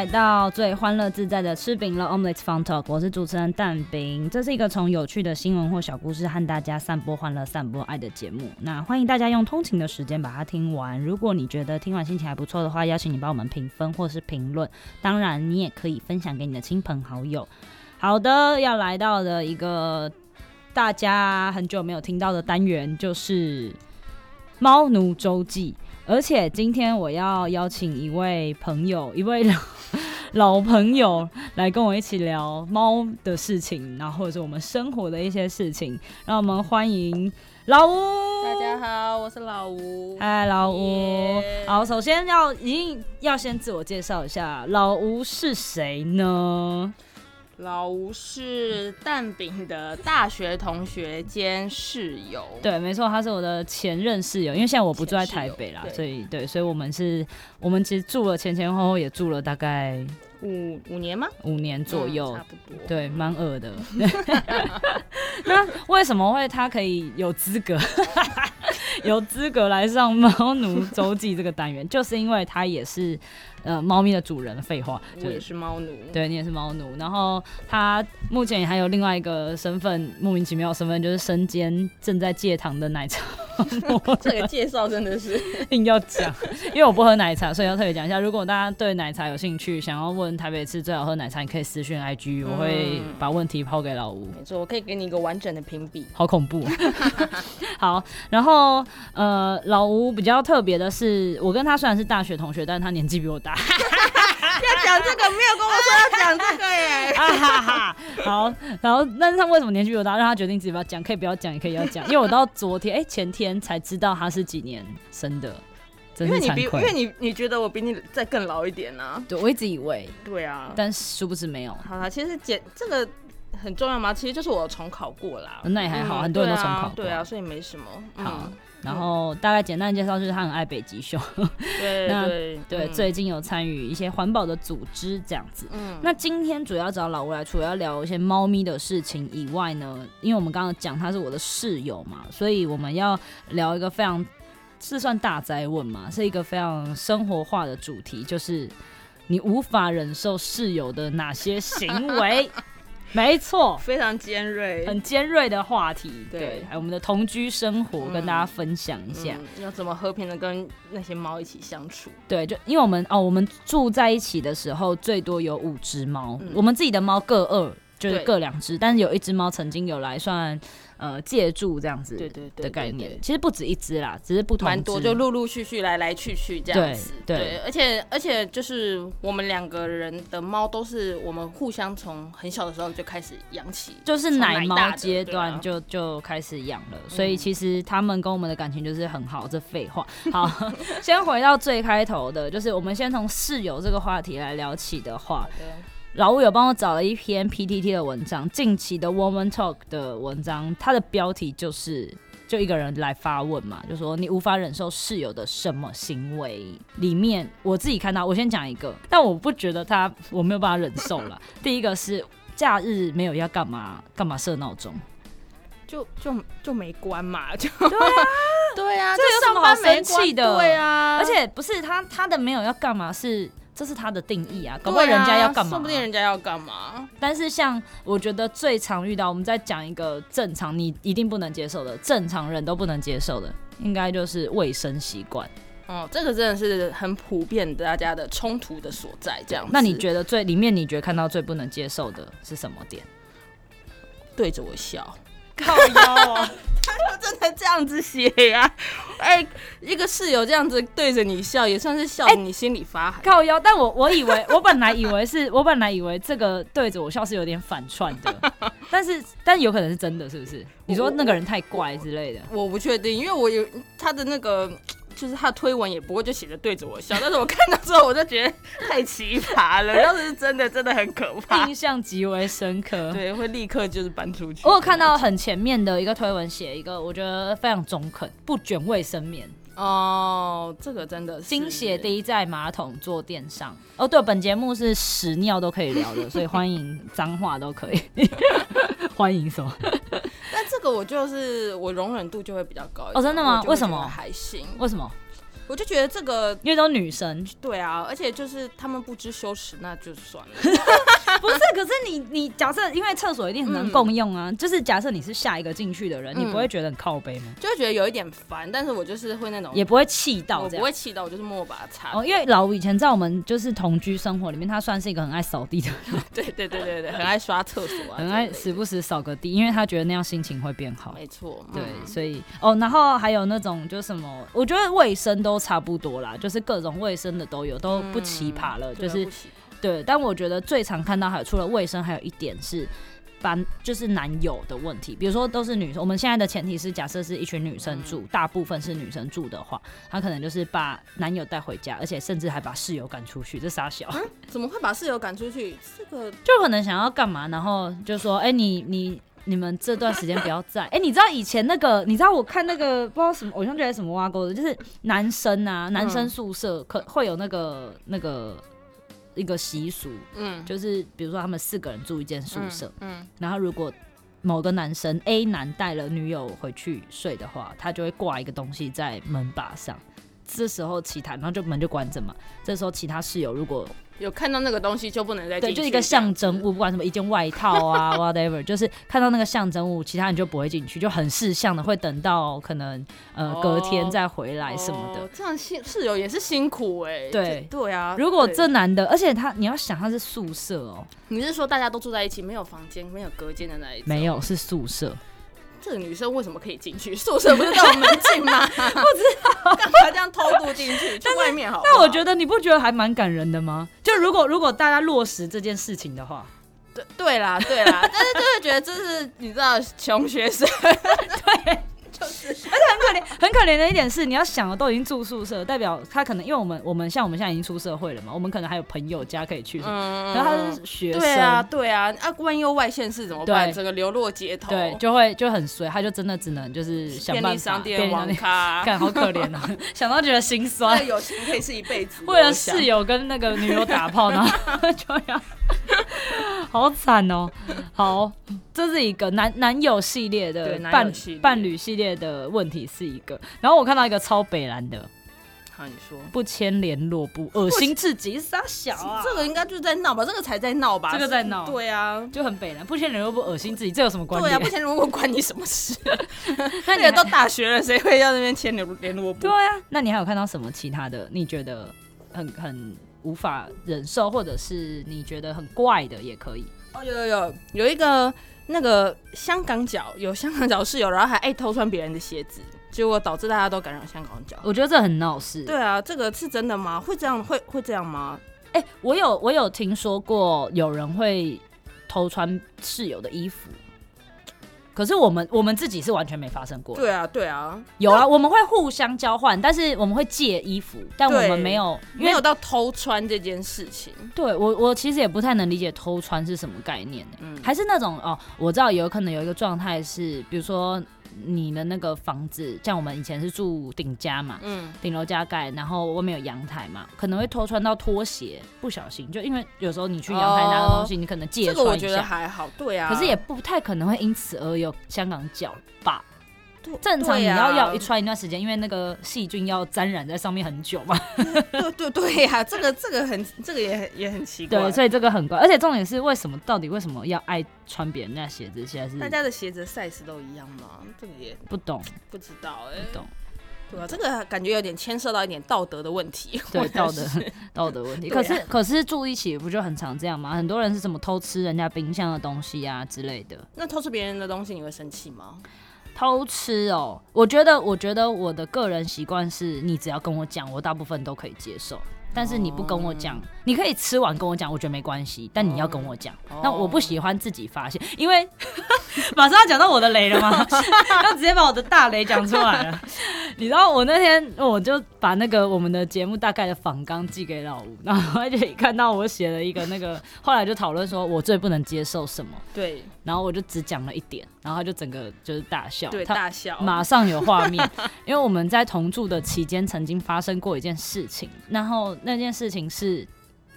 來到最歡樂自在的吃餅了，Omelets Fun Talk。我是主持人蛋餅，這是一個從有趣的新聞或小故事和大家散播歡樂、散播愛的節目。那歡迎大家用通勤的時間把它聽完。如果你覺得聽完心情還不錯的話，邀請你幫我們評分或是評論。當然，你也可以分享給你的親朋好友。好的，要來到的一個大家很久沒有聽到的單元，就是《貓奴周記》。而且今天我要邀請一位朋友，一位老老朋友來跟我一起聊貓的事情，然後或者我們生活的一些事情。讓我們歡迎老吳。大家好，我是老吳。嗨，老吳。好，首先要一定要先自我介紹一下，老吳是誰呢？老吳是蛋餅的大學同學兼室友。對，沒錯，他是我的前任室友，因為現在我不住在台北啦，啦所以對，所以我們是。我們其實住了前前後後也住了大概五五年嗎？五年左右，嗯，差不多。對，蠻惡的。 那為什麼會他可以有資格 有資格來上貓奴週記這個單元？ 就是因為他也是呃貓咪的主人。廢話，我也是貓奴。對，你也是貓奴。然後他目前還有另外一個身份，莫名其妙的身份，就是身兼正在戒糖的奶茶。 這個介紹真的是， 硬要講，因為我不喝奶茶，所以要特別講一下。如果大家對奶茶有興趣，想要問台北市最好喝奶茶，你可以私訊 IG，我會把問題拋給老吳，嗯。沒錯，我可以給你一個完整的評比。好恐怖！ 好，然後呃，老吳比較特別的是，我跟他雖然是大學同學，但是他年紀比我大。 要講這個，沒有跟我說要講這個耶！哈哈哈，好，然後但是他為什麼年紀比我大， 讓他決定自己不要講，可以不要講，也可以要講，因為我到昨天，哎、欸，前天才知道他是幾年生的，真慚愧，因為你比，因為你，你覺得我比你再更老一點呢、啊？對，我一直以為。對啊，但殊不知沒有。好了、啊，其實簡這個很重要嗎？其實就是我重考過啦。嗯、那也還好，很多人都重考過對啊，對啊，所以沒什麼。嗯、好。然後大概簡單的介紹就是他很愛北極熊， 那對，最近有參與一些環保的組織這樣子，嗯。那今天主要找老吳來，除了要聊一些貓咪的事情以外呢，因為我們剛剛講他是我的室友嘛，所以我們要聊一個非常是算大哉問嘛，是一個非常生活化的主題，就是你無法忍受室友的哪些行為？ 沒錯，非常尖銳，很尖銳的話題。對，對還有我們的同居生活，嗯、跟大家分享一下，嗯、要怎麼和平的跟那些貓一起相處？對，就因為我們哦，我們住在一起的時候，最多有五隻貓，嗯，我們自己的貓各二。就是各兩隻，但是有一隻貓曾經有來算，呃，借住這樣子的概念，對對對對對，其實不止一隻啦，只是不同。蠻多，就陸陸續續來來去去這樣子。對，對對，而且而且就是我們兩個人的貓都是我們互相從很小的時候就開始養起，就是奶貓階段就、啊、就，就開始養了，所以其實他們跟我們的感情就是很好，這廢話。好， 先回到最開頭的，就是我們先從室友這個話題來聊起的話。老吳有幫我找了一篇 PTT 的文章，近期的 Woman Talk 的文章，它的標題就是“就一個人來發問嘛”，就說你無法忍受室友的什麼行為。裡面我自己看到，我先講一個，但我不覺得他我沒有辦法忍受了。 第一個是假日沒有要幹嘛幹嘛設鬧鐘，就就就沒關嘛，就對啊， 對啊，這有什麼好生氣的？對啊，而且不是他他的沒有要幹嘛是。這是他的定義啊，搞不好人家要幹嘛。啊啊？說不定人家要幹嘛？但是像我覺得最常遇到，我們再講一個正常，你一定不能接受的，正常人都不能接受的，應該就是衛生習慣。哦，這個真的是很普遍，大家的衝突的所在。這樣，那你覺得最裡面，你覺得看到最不能接受的是什麼點？對着我笑，靠腰。啊，還有這。這樣子寫呀、啊，哎、欸，一個室友這樣子對着你笑，也算是笑得你心裡發寒。欸、靠腰，但我我以為，我本來以為是 我本來以為這個對着我笑是有點反串的，但是但有可能是真的，是不是？你說那個人太怪之類的，我，我，我，我，我不確定，因為我有他的那個。就是他的推文也不會就寫着對着我笑，但是我看到之後我就覺得太奇葩了，要是真的真的很可怕， 印象極為深刻。對，會立刻就是搬出去。我有看到很前面的一個推文，寫一個我覺得非常中肯，不捲衛生棉哦，這個真的是。精血滴在馬桶坐墊上。欸。哦，對，本節目是屎尿都可以聊的，所以歡迎髒話都可以， 歡迎什麼？那這個我就是我容忍度就會比較高哦，oh, 真的嗎？為什麼？還行，為什麼？我就覺得這個，因為都女生，對啊，而且就是他們不知羞恥，那就算了。 不是，可是你你假設，因為廁所一定很能共用啊，嗯、就是假設你是下一個進去的人，嗯，你不會覺得很靠北嗎？就覺得有一點煩，但是我就是會那種也不會氣到，我不會氣到，我就是默默把它擦。哦，因為老吳以前在我們就是同居生活裡面，他算是一個很愛掃地的人 ，對對對對對，很愛刷廁所，啊，很愛時不時掃個地，因為他覺得那樣心情會變好。沒錯，對，嗯、所以哦，然後還有那種就什麼，我覺得衛生都。差不多啦，就是各種衛生的都有，都不奇葩了。嗯、就是，對，但我覺得最常看到還有除了衛生，還有一點是，把就是男友的問題。比如說，都是女生，我們現在的前提是假設是一群女生住，大部分是女生住的話，她可能就是把男友帶回家，而且甚至還把室友趕出去，這殺小、啊。怎麼會把室友趕出去？這個就可能想要幹嘛？然後就說：“哎、欸，你你。”你們這段時間不要在哎，欸、你知道以前那個，你知道我看那個不知道什麼偶像劇還是什麼挖溝的，就是男生啊，男生宿舍可會有那個那個一個習俗，嗯，就是比如說他們四個人住一間宿舍，嗯，然後如果某個男生 A 男帶了女友回去睡的話，他就會掛一個東西在門把上。這時候其他然後就門就關着嘛。這時候其他室友如果有看到那個東西，就不能再進去。對，就一個象徵物，不管什麼一件外套啊 ，whatever，就是看到那個象徵物，其他人就不會進去，就很識相的，會等到可能、呃哦、隔天再回來什麼的。哦、這樣辛室友也是辛苦哎、欸。對對啊，如果這男的，而且他你要想他是宿舍哦，你是說大家都住在一起，沒有房間，沒有隔間的那一種，沒有是宿舍。這個女生為什麼可以進去？宿舍不是要門禁嗎？ 不知道，他這樣偷渡進去， 去外面好不好。那我覺得你不覺得還蠻感人的嗎？就如果如果大家落實這件事情的話，對對啦對啦，對啦 但是就是覺得這是，你知道，窮學生 對。 而且很可憐，很可憐的一點是，你要想啊，都已經住宿舍，代表他可能因為我們我們，像我們現在已經出社會了嘛，我們可能還有朋友家可以去是不是？嗯，然後他是學生，嗯、對啊對啊，啊萬一外線是怎麼辦？整個流落街頭，對，就會就很衰，他就真的只能就是想辦法，便利商店、網咖， 看好可憐哦、啊， 想到覺得心酸。友情可以是一輩子。為了室友跟那個女友打炮呢？ 就哈。 好慘哦、喔！好，這是一個男男友系列的系列伴侶伴侶系列的問題，是一個。然後我看到一個超北藍的，好，你說不簽聯絡簿噁心自己傻想啊！這個應該就在鬧吧？這個才在鬧吧？這個在鬧，對啊，就很北藍，不簽聯絡簿噁心自己，這有什麼關係？對啊，不簽聯絡簿關你什麼事？ 那你都大學了，誰會要那邊簽聯絡簿？對啊，那你還有看到什麼其他的？你覺得很很？無法忍受，或者是你覺得很怪的也可以。哦，有有有，有一個那個香港腳，有香港腳室友，然後還愛偷穿別人的鞋子，結果導致大家都感染香港腳。我覺得這很鬧事。對啊，這個是真的嗎？會這樣會會這樣嗎？欸，我有我有聽說過有人會偷穿室友的衣服。可是我們我們自己是完全沒發生過。對啊，對啊，有啊，我們會互相交換，但是我們會借衣服，但我們沒有沒有到偷穿這件事情。對我我其實也不太能理解偷穿是什麼概念呢、欸？還是那種哦，我知道有可能有一個狀態是，比如說。你的那個房子，像我們以前是住頂家嘛，嗯，頂樓加蓋，然後外面有陽台嘛，可能會偷穿到拖鞋，不小心就因為有時候你去陽台拿個東西，你可能借穿一下，哦，這個我覺得還好，對啊，可是也不太可能會因此而有香港腳吧。正常你要要一穿一段時間，啊，因為那個細菌要沾染在上面很久嘛。對對對呀，啊 這個，這個這個很這個也也很奇怪。對，所以這個很怪，而且重點是為什麼？到底為什麼要愛穿別人家鞋子？現在是大家的鞋子 size 都一樣嗎？這個也不懂，不知道，欸。不懂。對啊，這個感覺有點牽涉到一點道德的問題。對，道德 道德問題。可是，啊，可是住一起不就很常這樣嗎？很多人是什麼偷吃人家冰箱的東西呀，啊，之類的。那偷吃別人的東西，你會生氣嗎？偷吃哦，我覺得，我覺得我的個人習慣是你只要跟我講，我大部分都可以接受。但是你不跟我講、哦，你可以吃完跟我講，我覺得沒關係。但你要跟我講、哦，那我不喜歡自己發現，因為呵呵馬上要講到我的雷了嗎？要 直接把我的大雷講出來了。 你知道我那天我就把那個我們的節目大概的訪綱寄給老吳，然後他就看到我寫了一個那個， 後來就討論說我最不能接受什麼？對。然後我就只講了一點，然後他就整個就是大笑，對，他大笑，馬上有畫面。 因為我們在同住的期間，曾經發生過一件事情。然後那件事情是，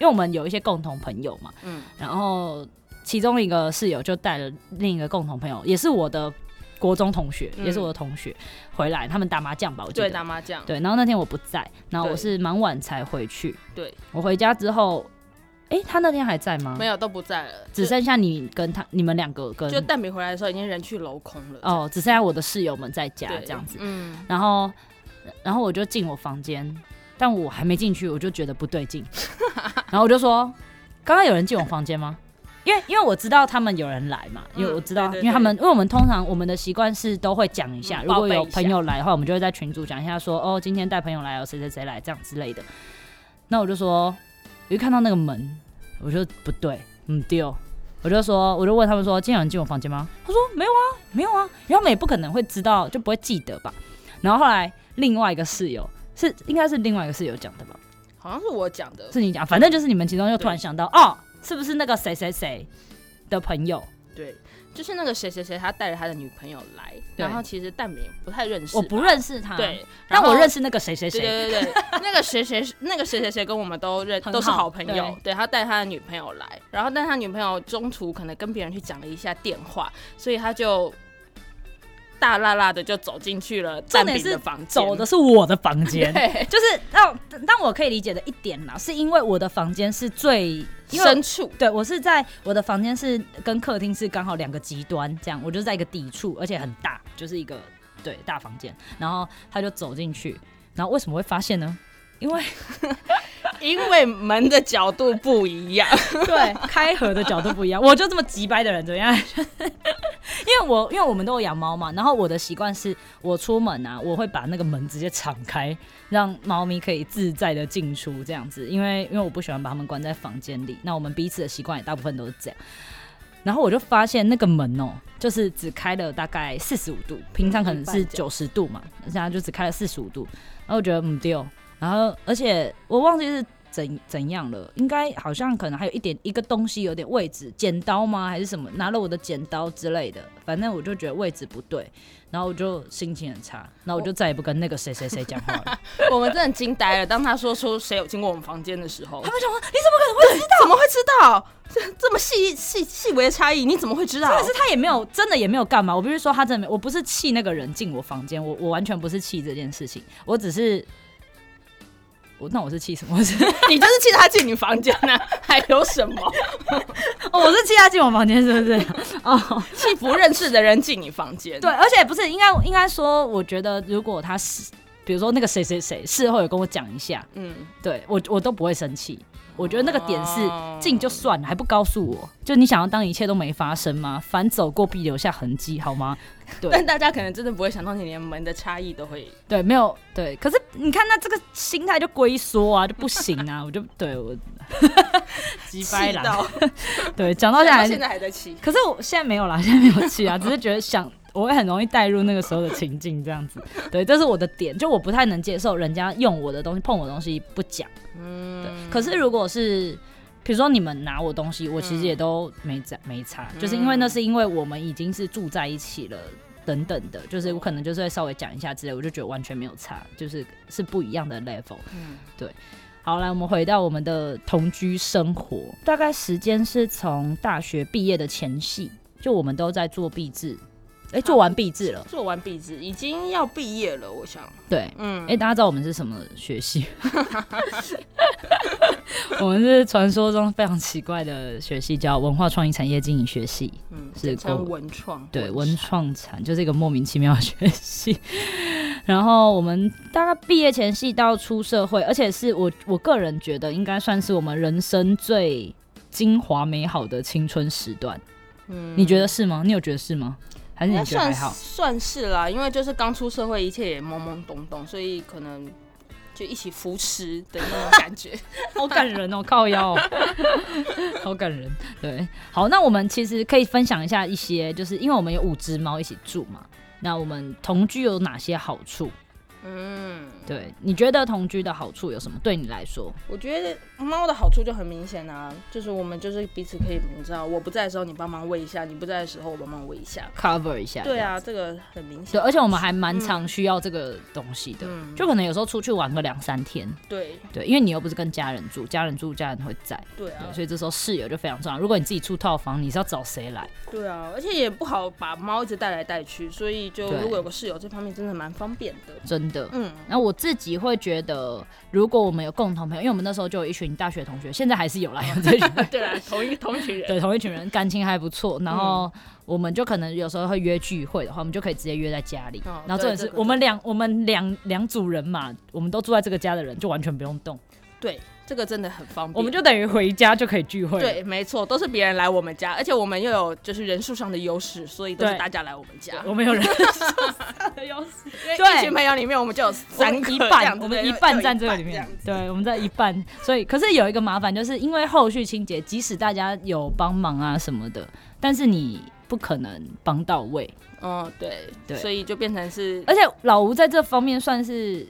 因為我們有一些共同朋友嘛，嗯，然後其中一個室友就帶了另一個共同朋友，也是我的國中同學，嗯、也是我的同學回來，他們打麻將吧我記得，對，打麻將，對。然後那天我不在，然後我是蠻晚才回去，對，我回家之後。哎、欸，他那天還在嗎？沒有，都不在了，只剩下你跟他，你們兩個跟。就蛋餅回來的時候，已經人去樓空了。哦，只剩下我的室友們在家這樣子。嗯，然後，然後我就進我房間，但我還沒進去，我就覺得不對勁。 然後我就說：“剛剛有人進我房間嗎？” 因為因為我知道他們有人來嘛，嗯、因為我知道，對對對因為他們因為我們通常我們的習慣是都會講一下、嗯，如果有朋友來的話，我們就會在群組講一下說，說哦，今天帶朋友來，有誰誰誰來這樣之類的。 那我就說。一看到那個門，我就不對，不對，我就說，我就問他們說，今天有人進我房間嗎？他說沒有啊，沒有啊，然後他們也不可能會知道，就不會記得吧。然後後來另外一個室友是，應該是另外一個室友講的吧，好像是我講的，是你講，反正就是你們其中又突然想到，哦，是不是那個誰誰誰的朋友？對。就是那個誰誰誰，他帶着他的女朋友來，然後其實蛋餅不太認識，我不認識他，對，但我認識那個誰誰誰，對對對，對， 那個誰誰那個誰誰誰跟我們都認都是好朋友，對，對他帶他的女朋友來，然後但他女朋友中途可能跟別人去講了一下電話，所以他就。大辣辣的就走進去了，真的是房，走的是我的房間， 就是讓讓我可以理解的一點呢，是因為我的房間是最深處，對我是在我的房間是跟客廳是剛好兩個極端，這樣我就是在一個底處，而且很大，嗯、就是一個對大房間，然後他就走進去，然後為什麼會發現呢？因為。 因為門的角度不一樣， 對，開合的角度不一樣。 我就這麼直掰的人，怎麼樣？ 因為我因為我們都有養貓嘛，然後我的習慣是我出門啊，我會把那個門直接敞開，讓貓咪可以自在的進出這樣子。因為因為我不喜歡把它們關在房間裡。那我們彼此的習慣也大部分都是這樣。然後我就發現那個門哦、喔，就是只開了大概四十五度，平常可能是九十度嘛，現、嗯、在就只開了四十五度。然後我覺得唔丟。然後，而且我忘記是怎怎樣了，應該好像可能還有一點一個東西有點位置，剪刀嗎還是什麼？拿了我的剪刀之類的，反正我就覺得位置不對，然後我就心情很差，然後我就再也不跟那個誰誰誰講話了。我，我們真的驚呆了， 當他說出誰有進過我們房間的時候，他們想說你怎麼可能會知道？怎麼會知道？這這麼細細細微的差異，你怎麼會知道？可是他也沒有真的也沒有幹嘛，我不是說他真的沒有，我不是氣那個人進我房間，我我完全不是氣這件事情，我只是。那我是氣什麼？是， 你就是氣他進你房間呢、啊？ 還有什麼？ 哦、我是氣他進我房間，是不是？哦，氣不認識的人進你房間。 對，而且不是應該應該說，我覺得如果他是，比如說那個誰誰誰，事後有跟我講一下，嗯，對，我我都不會生氣。我覺得那個點是近就算了，還不告訴我，就你想要當一切都沒發生嗎？凡走過必留下痕迹，好嗎？對，但大家可能真的不會想到，你連門的差異都會對，沒有對。可是你看，那這個心態就龜縮啊，就不行啊。 我就對我氣白了，對，講 到, 到現在還在氣，可是我現在沒有啦，現在沒有氣啊， 只是覺得想。我會很容易帶入那個時候的情境，這樣子，對，這是我的點，就我不太能接受人家用我的東西、碰我的東西不講，嗯，對。可是如果是，比如說你們拿我東西，我其實也都沒、嗯、沒差，就是因為那是因為我們已經是住在一起了，等等的，就是我可能就是會稍微講一下之類，我就覺得完全沒有差，就是是不一樣的 level，嗯，對。好，來，我們回到我們的同居生活，大概時間是從大學畢業的前夕，就我們都在做畢製。哎、欸，做完畢字了、啊，做完畢字，已經要畢業了，我想。對，嗯。哎、欸，大家知道我們是什麼學系？ 我們是傳說中非常奇怪的學系，叫文化創意產業經營學系。嗯，是文創。對，文創產就是一個莫名其妙的學系。 然後我們大概畢業前夕到出社會，而且是我我個人覺得應該算是我們人生最精華美好的青春時段。嗯，你覺得是嗎？你有覺得是嗎？應該、欸、算算是啦、啊，因為就是剛出社會，一切也懵懵懂懂，所以可能就一起扶持的那種感覺， 好感人哦， 靠腰、哦，好感人。對，好，那我們其實可以分享一下一些，就是因為我們有五只貓一起住嘛，那我們同居有哪些好處？嗯。對，你覺得同居的好處有什麼？對你來說，我覺得貓的好處就很明顯啊，就是我們就是彼此可以，你知道，我不在的時候你幫忙餵一下，你不在的時候我幫忙餵一下，cover 一下。對啊，這個很明顯。而且我們還蠻常需要這個東西的，嗯，就可能有時候出去玩個兩三天。對對，因為你又不是跟家人住，家人住家人會在。對啊。所以這時候室友就非常重要。如果你自己出套房，你是要找誰來？對啊，而且也不好把貓一直帶來帶去，所以就如果有個室友，這方面真的蠻方便的。真的。嗯，那我。我自己會覺得，如果我們有共同朋友，因為我們那時候就有一群大學同學，現在還是有啦，有 這一群， 對，同一同一群人，對，同一群人感情還不錯。然後、嗯、我們就可能有時候會約聚會的話，我們就可以直接約在家裡。哦、然後這也是我們兩我們兩兩組人嘛，我們都住在這個家的人就完全不用動，對。這個真的很方便，我們就等於回家就可以聚會。對，沒錯，都是別人來我們家，而且我們又有就是人數上的優勢，所以都是大家來我們家。 我們有人數上的優勢， 因為一群朋友裡面我們就有三個一半，我們一半站這個裡面。對，我們在一半，所以可是有一個麻煩，就是因為後續清潔，即使大家有幫忙啊什麼的，但是你不可能幫到位。嗯，對對，所以就變成是，而且老吳在這方面算是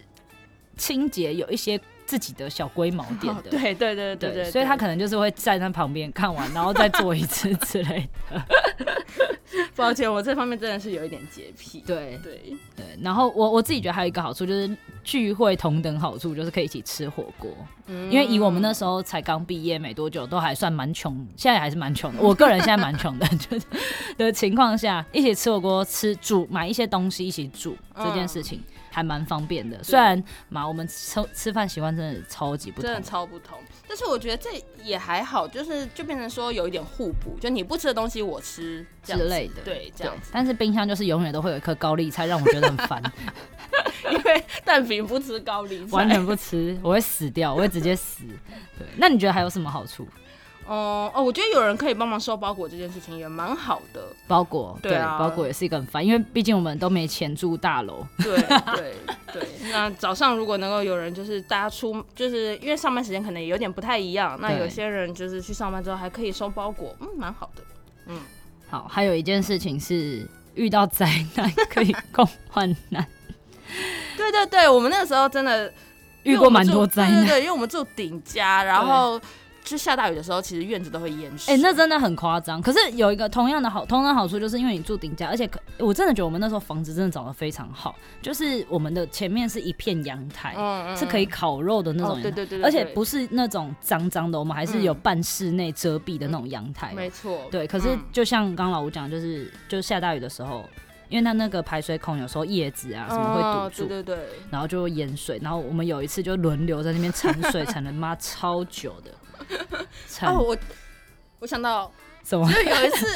清潔有一些。自己的小龜毛店的。哦、對，對，對，對，對對對對對，所以他可能就是會站在他旁邊看完， 然後再做一次之類的。 抱歉，我這方面真的是有一點潔癖。對對對，然後我我自己覺得還有一個好處就是聚會同等好處就是可以一起吃火鍋。嗯，因為以我們那時候才剛畢業沒多久，都還算蠻窮，現在還是蠻窮的。我個人現在蠻窮的，就 的情況下一起吃火鍋，吃煮買一些東西一起煮、嗯、這件事情。還蠻方便的，雖然嘛，我們吃吃飯習慣真的超級不同，真的超不同。但是我覺得這也還好，就是就變成說有一點互補，就你不吃的東西我吃這樣之類的，對，這樣子。但是冰箱就是永遠都會有一顆高麗菜，讓我覺得很煩。 因為蛋餅不吃高麗菜， 完全不吃，我會死掉，我會直接死。 對，那你覺得還有什麼好處？哦、嗯、哦，我覺得有人可以幫忙收包裹這件事情也蠻好的。包裹對、啊、對，包裹也是一個很煩，因為畢竟我們都沒錢住大樓。對對對， 對，那早上如果能夠有人，就是大家出，就是因為上班時間可能也有點不太一樣，那有些人就是去上班之後還可以收包裹，嗯，蠻好的。嗯，好，還有一件事情是遇到災難可以共患難。 對對對，我們那個時候真的遇過蠻多災難對、對、對，因為我們住頂家，然後。就下大雨的時候，其實院子都會淹水。哎、欸，那真的很誇張。可是有一個同樣的好，同樣的好處就是因為你住頂架，而且可我真的覺得我們那時候房子真的找的非常好，就是我們的前面是一片陽台。嗯嗯，是可以烤肉的那種陽台。哦，對對對對。而且不是那種髒髒的，我們還是有半室內遮蔽的那種陽台。沒、嗯、錯。對。可是就像剛老吳講，就是就下大雨的時候，因為它那個排水孔有時候葉子啊什麼會堵住，哦、對，對對對。然後就淹水，然後我們有一次就輪流在那邊鏟水，鏟了媽超久的。 哦，我我想到什麼？就有一次，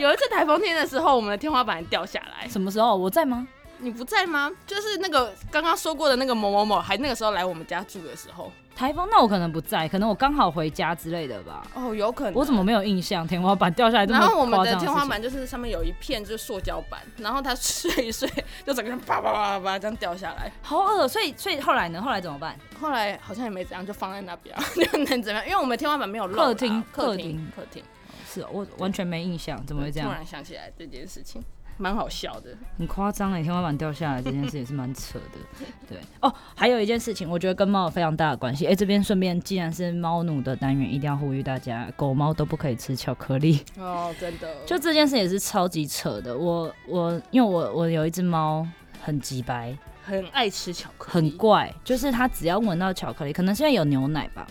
有一次颱風天的時候，我們的天花板掉下來。什麼時候？我在嗎？你不在嗎？就是那個剛剛說過的那個某某某，還那個時候來我們家住的時候。颱風？那我可能不在，可能我剛好回家之類的吧。哦、oh,，有可能。我怎麼沒有印象？天花板掉下來都誇張？然後我們的天花板就是上面有一片就是塑膠板，然後它碎一碎，就整個人啪啪啪啪這樣掉下來，好噁，所以所以後來呢？後來怎麼辦？後來好像也沒怎樣，就放在那邊，又能怎樣？因為我們天花板沒有漏、啊。客廳客廳客廳，是、喔、我完全沒印象，怎麼會這樣？突然想起來這件事情。蠻好笑的，很誇張哎，天花板掉下來這件事也是蠻扯的，對。哦，還有一件事情，我覺得跟貓有非常大的關係。哎、欸，這邊順便，既然是貓奴的單元，一定要呼籲大家，狗貓都不可以吃巧克力哦，oh, 真的。就這件事也是超級扯的。我我因為我我有一隻貓，很潔白，很愛吃巧克力，很怪，就是它只要聞到巧克力，可能是因為有牛奶吧。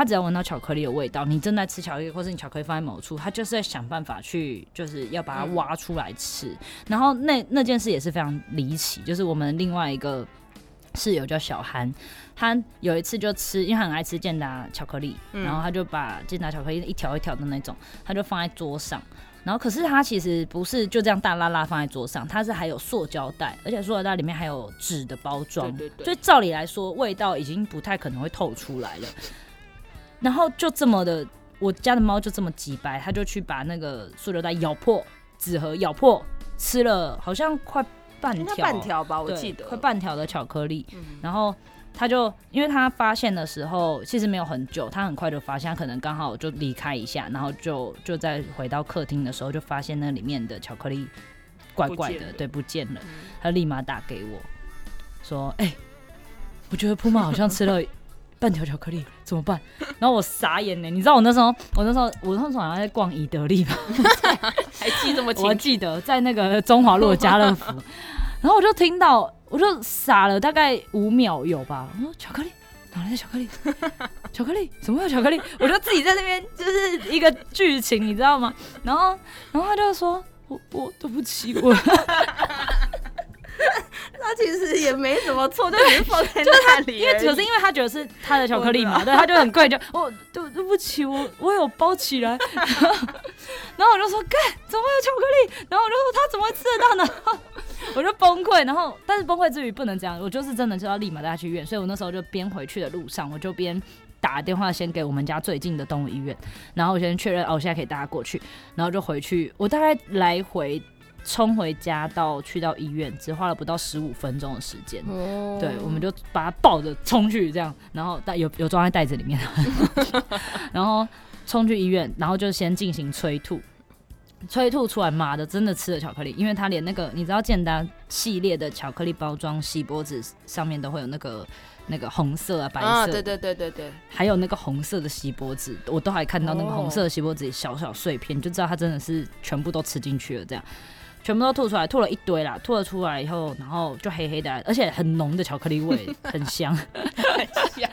他只要聞到巧克力的味道，你正在吃巧克力，或是你巧克力放在某處，他就是在想辦法去，就是要把它挖出來吃。然後那那件事也是非常離奇，就是我們另外一個室友叫小韓，他有一次就吃，因為他很愛吃健達巧克力，然後他就把健達巧克力一條一條的那種，他就放在桌上。然後可是他其實不是就這樣大拉拉放在桌上，他是還有塑膠袋，而且塑膠袋裡面還有紙的包裝，所以照理來說，味道已經不太可能會透出來了。然後就這麼的，我家的貓就這麼幾百，它就去把那個塑料袋咬破，紙盒咬破，吃了好像快半條，半條吧，我記得快半條的巧克力。嗯、然後他就因為他發現的時候，其實沒有很久，他很快就發現，他可能剛好就離開一下，然後就就再回到客廳的時候，就發現那裡面的巧克力怪怪，怪的，對，不見了。嗯、他立馬打給我，說：“哎、欸，我覺得布貓好像吃了半條巧克力。 ”怎麼辦？然後我傻眼呢、欸。你知道我那時候，我那時候，我那時候好像在逛宜得利吧？ 還記這麼清？我還我記得在那個中華路的家樂福。 然後我就聽到，我就傻了大概五秒有吧。我、嗯、說巧克力哪來的巧克力？巧克力怎麼會有巧克力？我就自己在那邊就是一個劇情，你知道嗎？然後，然後他就說我我對不起我。 他 其實也沒什麼錯， 對吧 就是他放 因為 只是因為他覺得是他的巧克力嘛，對， 他就很貴，就我對對不起，我我有包起來，然後然後我就說，幹，怎麼會有巧克力？然後我就說他怎麼會吃得到呢？我就崩潰。然後但是崩潰之餘不能這樣，我就是真的就要立馬帶他去醫院，所以我那時候就邊回去的路上，我就邊打電話先給我們家最近的動物醫院，然後我先確認、啊，我現在可以帶他過去，然後就回去，我大概來回。衝回家到去到醫院，只花了不到十五分鐘的時間。對，我們就把它抱着衝去，這樣，然後帶有有裝在袋子裡面，然後衝去醫院，然後就先進行催吐，催吐出來媽的，真的吃了巧克力，因為他連那個你知道健達系列的巧克力包裝錫箔紙上面都會有那個那個紅色啊、白色，對對對對對，還有那個紅色的錫箔紙，我都還看到那個紅色的錫箔紙小小碎片，就知道他真的是全部都吃進去了這樣。全部都吐出來，吐了一堆啦！吐了出來以後，然後就黑黑的，而且很濃的巧克力味， 很香，很香。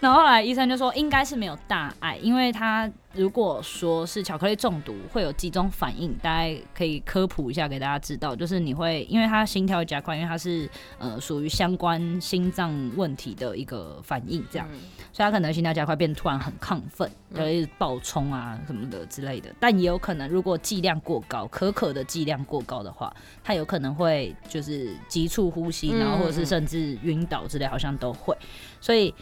然後後來醫生就說應該是沒有大礙，因為他如果說是巧克力中毒，會有幾種反應，大家可以科普一下給大家知道，就是你會因為他心跳加快，因為他是呃屬於相關心臟問題的一個反應，這樣。所以他可能心跳加快，變得突然很亢奮，然後一直爆衝啊什麼的之類的。但也有可能，如果劑量過高，可可的劑量過高的話，他有可能會就是急促呼吸，然後或者是甚至暈倒之類，好像都會、嗯。所以，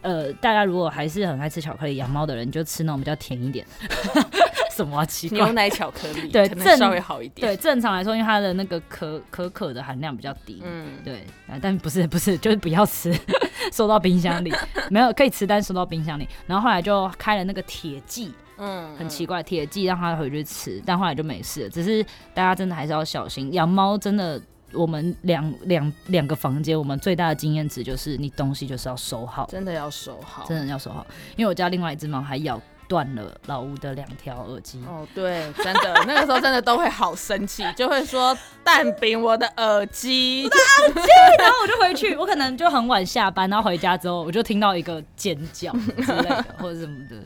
呃，大家如果還是很愛吃巧克力、養貓的人，就吃那種比較甜一點。 什麼、啊、奇怪？牛奶巧克力 對，正可能稍微好一點。對，正常來說，因為它的那個可可可的含量比較低。嗯，對啊，但不是，不是，就是不要吃， 收到冰箱裡。沒有可以吃，但收到冰箱裡。然後後來就開了那個鐵劑，嗯，很奇怪，鐵劑讓它回去吃，但後來就沒事了。只是大家真的還是要小心養貓，貓真的，我們兩兩兩個房間，我們最大的經驗值就是你東西就是要收好，真的要收好，真的要收好，因為我家另外一只貓還咬。斷了老吳的兩條耳機哦，對，真的，那個時候真的都會好生氣， 就會說蛋餅，我的耳機，耳機，然後我就回去， 我可能就很晚下班，然後回家之後我就聽到一個尖叫之類的 或者什麼的，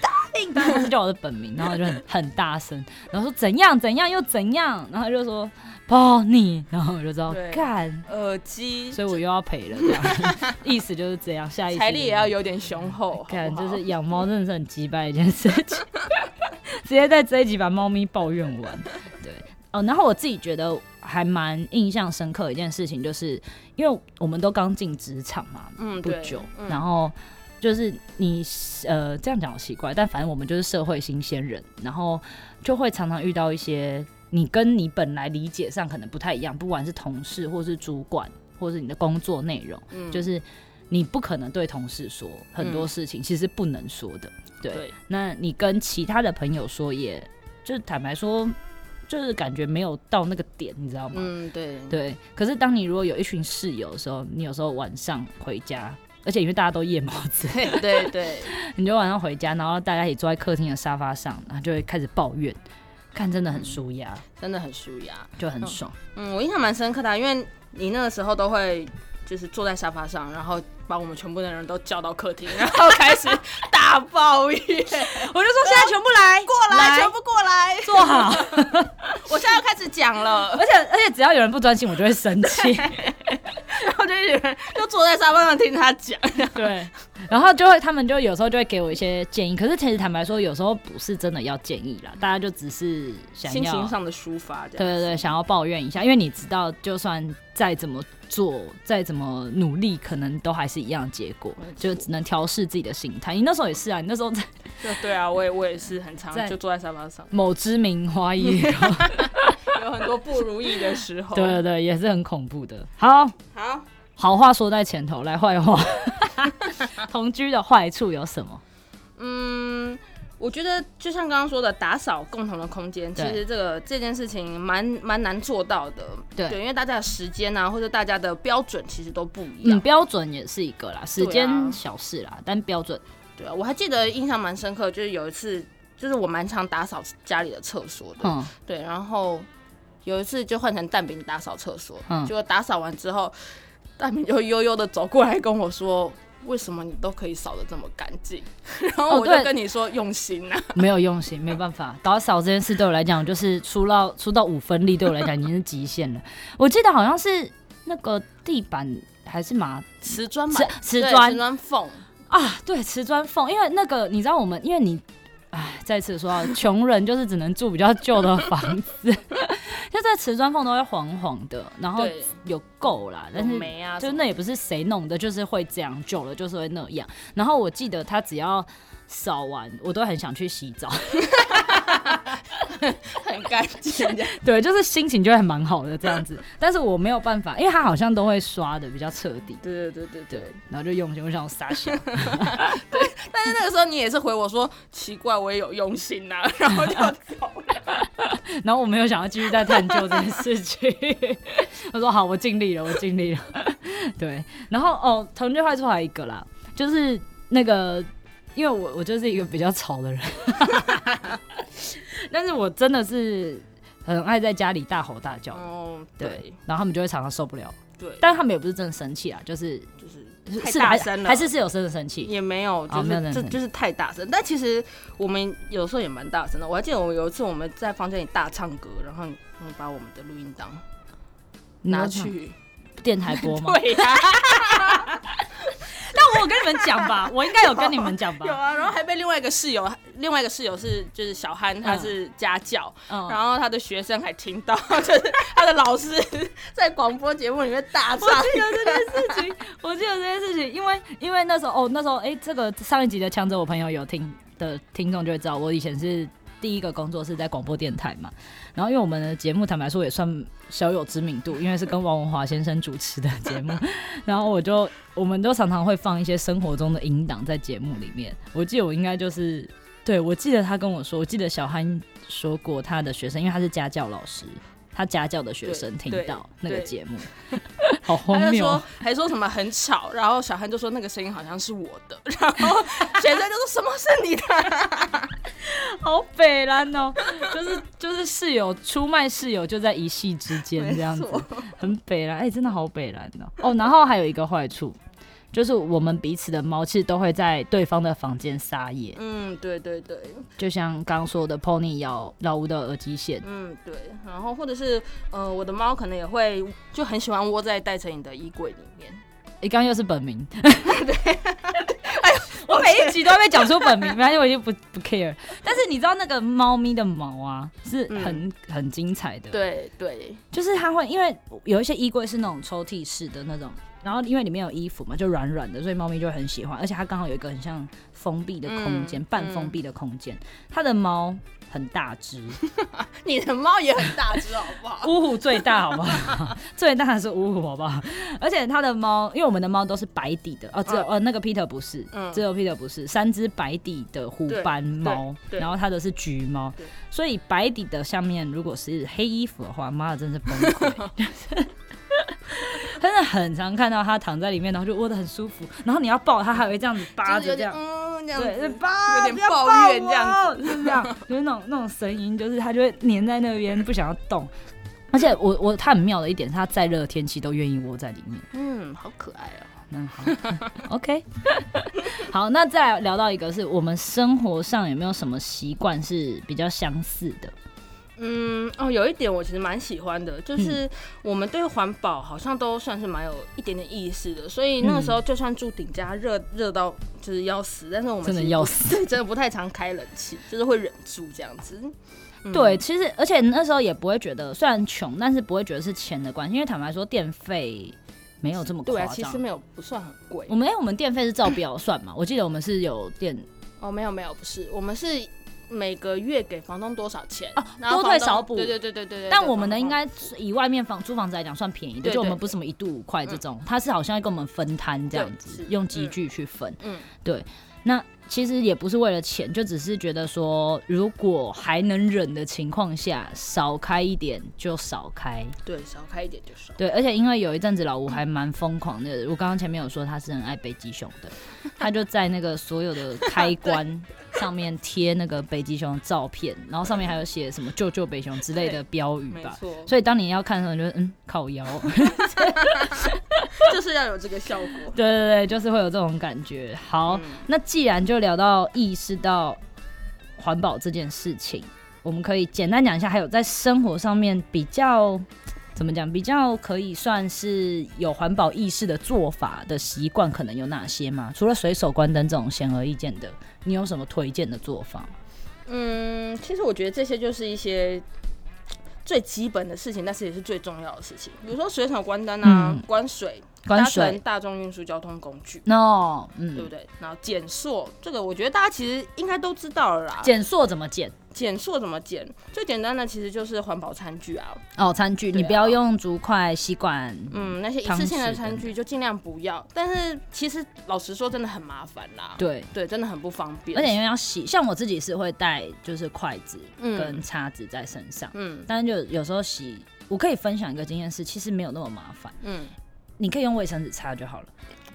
蛋餅，蛋餅是叫我的本名，然後就很很大聲，然後說怎樣怎樣又怎樣，然後就說。包你，然後我就知道，幹耳機，所以我又要賠了。啊、 意思就是這樣， 下一財力也要有點雄厚。幹，就是養貓真的是很機掰一件事情， 直接在這一集把貓咪抱怨完。對，哦，然後我自己覺得還蠻印象深刻的一件事情，就是因為我們都剛進職場嘛，嗯，不久、嗯，然後就是你呃，這樣講好奇怪，但反正我們就是社會新鮮人，然後就會常常遇到一些。你跟你本來理解上可能不太一樣，不管是同事或是主管，或是你的工作內容，嗯，就是你不可能對同事說很多事情，其實不能說的、嗯對。對，那你跟其他的朋友說也，也就坦白說，就是感覺沒有到那個點，你知道嗎？嗯，對，對。可是當你如果有一群室友的時候，你有時候晚上回家，而且因為大家都夜貓子，對對對，對 你就晚上回家，然後大家一起坐在客廳的沙發上，然後就會開始抱怨。看真的很紓壓、嗯，真的很紓壓，就很爽。嗯，我印象蠻深刻的、啊，因為你那個時候都會就是坐在沙發上，然後。把我們全部的人都叫到客廳，然後開始大抱怨。 我就說現在全部來、呃、過來，來，全部過來，坐好。 我現在要開始講了， 而且而且只要有人不專心，我就會生氣。 然後就有人就坐在沙發上聽他講。對， 然後就會他們就有時候就會給我一些建議，可是其實坦白說，有時候不是真的要建議啦，嗯、大家就只是想要心情上的抒發。對對對，想要抱怨一下，因為你知道，就算再怎麼。做再怎麼努力，可能都還是一樣的結果，就只能調適自己的心態。你那時候也是啊，你那時候在對啊，我也我也是很常就坐在沙發上。某知名花藝， 有很多不如意的時候， 對,對對，也是很恐怖的。好，好，好話說在前頭，來壞話， 同居的壞處有什麼？嗯。我覺得就像剛剛說的，打掃共同的空間，其實這個這件事情蠻蠻難做到的。對。對，因為大家的時間啊，或者大家的標準其實都不一樣。嗯，標準也是一個啦，時間小事啦，啊，但標準。對啊，我還記得印象蠻深刻，就是有一次，就是我蠻常打掃家裡的廁所的。嗯。對，然後有一次就換成蛋餅打掃廁所，嗯，結果打掃完之後，蛋餅就悠悠的走過來跟我說。為什麼你都可以掃得這麼乾淨？然後我就跟你說用心吶、啊哦，沒有用心，沒辦法。打掃這件事對我來講，就是出到出到五分力對我來講已經是極限了。我記得好像是那個地板還是麻瓷磚，瓷瓷磚縫啊，對，瓷磚縫，因為那個你知道我們，因為你。唉，再次說到，窮人就是只能住比較舊的房子， 就這瓷磚縫都會黃黃的，然後有垢啦，但是沒啊，就那也不是誰弄的，就是會這樣，舊了就是會那樣。然後我記得他只要。掃完，我都很想去洗澡， 很乾淨淨。 對，就是心情就會蠻好的這樣子。 但是我沒有辦法，因為他好像都會刷的比較徹底。對對對對對，然後就用心，我想撒笑。對，但是那個時候你也是回我說 奇怪，我也有用心吶、啊，然後就走了。 然後我沒有想要繼續再探究這件事情。我 說好，我盡力了，我盡力了。 對，然後哦，成就快出來一個啦，就是那個。因為我我就是一個比較吵的人， 但是，我真的是很愛在家裡大吼大叫。哦、oh,，對，然後他們就會常常受不了。對，但他們也不是真的生氣啊，就是就是是男生還是室友真的生氣，也沒有，就是、oh, 那那那那那就是、就是太大聲。但其實我們有時候也蠻大聲的。我還記得我們有一次我們在房間裡大唱歌，然後我們把我們的錄音檔拿去電台播嗎？ 對呀、啊。 但我跟你們講吧，我應該有跟你們講吧。有，有啊，然後還被另外一個室友，另外一個室友是就是小憨，他是家教，嗯、然後他的學生還聽到，就是他的老師在廣播節目裡面大唱。我記得這件事情，我記得這件事情，因為因為那時候哦，那時候哎、欸，這個上一集的強者我朋友有聽的聽眾就會知道，我以前是。第一個工作是在廣播電台嘛，然後因為我們的節目坦白說也算小有知名度，因為是跟王文華先生主持的節目，然後我就我們都常常會放一些生活中的音檔在節目裡面。我記得我應該就是，對，我記得他跟我說，我記得小憨說過他的學生，因為他是家教老師。他家教的學生聽到那個節目，好荒謬！還說什麼很吵，然後小漢就說那個聲音好像是我的，然後學生就說什麼是你的、啊？好北懶哦，就是就是室友出賣室友就在一夕之間這樣子，很北懶哎、欸，真的好北懶哦。哦、oh,，然後還有一個壞處。就是我們彼此的貓，其實都會在對方的房間撒野。嗯，對對對。就像剛剛說的，Pony 咬老吳的耳機線。嗯，對。然後或者是呃，我的貓可能也會就很喜歡窩在戴成穎的衣櫃裡面。你、欸、剛又是本名？對。哎，我每一集都要被講出本名，反正我就不不 care。但是你知道那個貓咪的毛啊，是很、嗯、很精彩的。對對，就是它會，因為有一些衣櫃是那種抽屜式的那種。然後因為裡面有衣服嘛，就軟軟的，所以貓咪就很喜歡。而且它剛好有一個很像封閉的空間，嗯，半封閉的空間。它、嗯、的貓很大只， 你的貓也很大只，好不好？烏虎，最大好不好？ 最大的是烏虎好不好？而且它的貓，因為我們的貓都是白底的哦，只有、啊、哦那個 Peter 不是、嗯，只有 Peter 不是，三隻白底的虎斑貓，然後它的是橘貓，所以白底的下面如果是黑衣服的話，媽的真的是崩潰。 真的很常看到它躺在裡面，然後就窩得很舒服。然後你要抱它，他還會這樣子扒着這樣，就是有點嗯、這樣子對，扒不要抱怨這樣，就是這樣，就是那種 那種聲音，就是它就會黏在那邊不想要動。而且我我它很妙的一點是，它再熱的天氣都願意窩在裡面。嗯，好可愛哦，喔。那好 ，OK，好。那再來聊到一個是，是我們生活上有沒有什麼習慣是比較相似的？嗯哦，有一點我其實蠻喜歡的，就是我們對環保好像都算是蠻有一點點意識的，所以那個時候就算住頂加熱熱、嗯、到就是要死，但是我們真的要死，對 真的不太常開冷氣，就是會忍住這樣子。嗯、對，其實而且那時候也不會覺得，雖然窮，但是不會覺得是錢的關係，因為坦白說電費沒有這麼誇張。對啊，其實沒有不算很貴。我們、欸、我們電費是照表算嘛、嗯？我記得我們是有電哦，沒有沒有不是，我們是。每個月給房東多少錢？哦、啊，多退少補。對,對對對對對。但我們呢，應該以外面房,房租房子來講，算便宜的對對對。就我們不是什麼一度五塊這種，他是好像要跟我們分攤這樣子，用積聚去分。嗯，對。那其實也不是為了錢，嗯、就只是覺得說，如果還能忍的情況下，少開一點就少開。對，少開一點就是。對，而且因為有一陣子老吳還蠻瘋狂的，嗯、我剛剛前面有說他是很愛北極熊的， 他就在那個所有的開關。 上面貼那個北極熊的照片，然後上面還有寫什麼“救救北熊”之類的標語吧。所以當你要看的時候，你就嗯，靠腰， 就是要有這個效果。對對對，就是會有這種感覺。好，嗯、那既然就聊到意識到環保這件事情，我們可以簡單講一下，還有在生活上面比較。怎麼講比較可以算是有環保意識的做法的習慣，可能有哪些嘛？除了隨手關燈這種顯而易見的，你有什麼推薦的做法？嗯，其實我覺得這些就是一些最基本的事情，但是也是最重要的事情。比如說隨手關燈啊、嗯，關水，關水搭乘大眾運輸交通工具，no, 嗯，對不對？然後減塑，這個我覺得大家其實應該都知道了啦。減塑怎麼減？減塑怎麼減？最簡單的其實就是環保餐具啊。哦，餐具，你不要用竹筷、吸管。嗯，那些一次性的餐具就盡量不要。但是其實老實說，真的很麻煩啦。對對，真的很不方便。而且因為要洗，像我自己是會帶就是筷子跟叉子在身上。嗯。嗯，但是就有時候洗，我可以分享一個經驗是，其實沒有那麼麻煩。嗯。你可以用衛生紙擦就好了。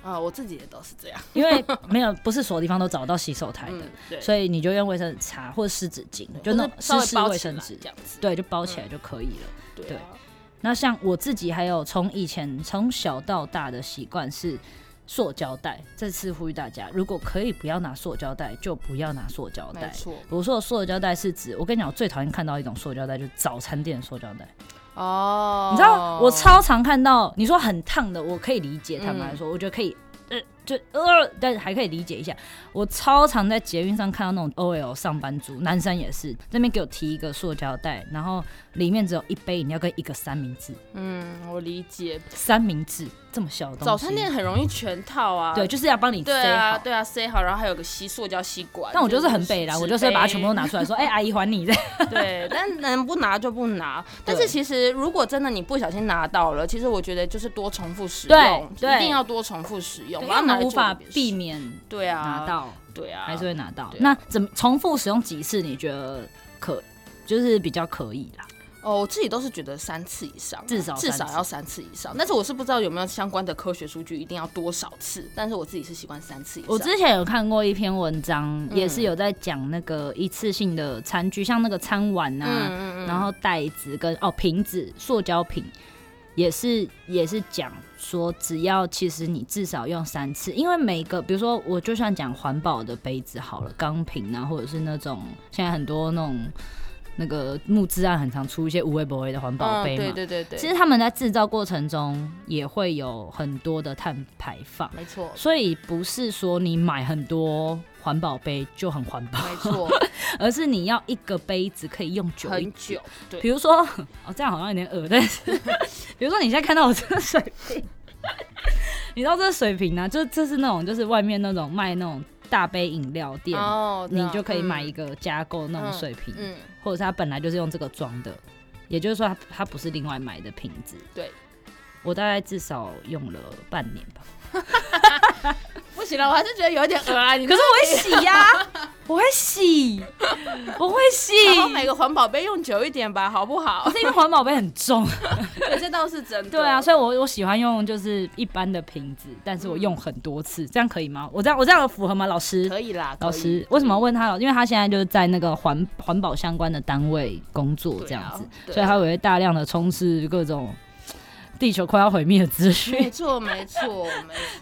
啊，我自己也都是這樣， 因為沒有不是所有地方都找到洗手台的，嗯、所以你就用衛生紙擦或者濕紙巾，就那濕濕衛生紙這樣子，對，就包起來就可以了。嗯對,啊、對，那像我自己還有從以前從小到大的習慣是塑膠袋，這次呼籲大家，如果可以不要拿塑膠袋，就不要拿塑膠袋。我說的塑膠袋是指，我跟你講，我最討厭看到一種塑膠袋，就是早餐店的塑膠袋。哦、oh.，你知道我超常看到你說很燙的，我可以理解，坦白來說，嗯、我覺得可以，呃，就呃，但還可以理解一下。我超常在捷運上看到那種 OL 上班族，男生也是，這邊給我提一個塑膠袋，然後裡面只有一杯飲料跟一個三明治。嗯，我理解三明治。這麼小的東西，早餐店很容易全套啊！對，就是要幫你塞好，對啊，對啊塞好，然後還有個吸塑膠吸管。但我就是很北爛，我就是會把它全部都拿出來，說：“哎 、欸，阿姨還你的。”對， 但能不拿就不拿。但是其實如果真的你不小心拿到了，其實我覺得就是多重複使用，就一定要多重複使用。因為無法避免，對啊，拿到，對啊，還是會拿到。那怎麼重複使用幾次？你覺得可就是比較可以啦。哦，我自己都是覺得三次以上，至少至少要三次以上。但是我是不知道有沒有相關的科學數據一定要多少次，但是我自己是習慣三次以上。我之前有看過一篇文章，嗯、也是有在講那個一次性的餐具，像那個餐碗啊，嗯嗯嗯，然後袋子跟哦瓶子、塑膠瓶，也是也是講說，只要其實你至少用三次，因為每個比如說我就算講環保的杯子好了，鋼瓶啊，或者是那種現在很多那種。那個募資案，很常出一些無為不為的環保杯嘛。對對對，其實他們在製造過程中也會有很多的碳排放，沒錯。所以不是說你買很多環保杯就很環保，沒錯。 而是你要一個杯子可以用久很久，對。比如說，哦，這樣好像有點噁，但是， 比如說你現在看到我這個水瓶，你知道這個水瓶呢，就就是那種就是外面那種賣那種。大杯飲料店，oh, 你就可以買一個加購那種水瓶、嗯，或者是它本來就是用這個裝的，也就是說它它不是另外買的瓶子。對，我大概至少用了半年吧， 不行了，我還是覺得有點噁心。可是我會洗呀、啊。 我會洗，我會洗，然 後每個環保杯用久一點吧，好不好？因為環保杯很重。對，這倒是真的。對啊，所以我我喜歡用就是一般的瓶子，但是我用很多次，嗯、這樣可以嗎？我這樣我這樣有符合嗎？老師可以啦，可以。老師為什麼問他？因為他現在就是在那個環環保相關的單位工作，這樣子。啊啊、所以他也會大量的充斥各種地球快要毀滅的資訊。沒錯沒錯。沒錯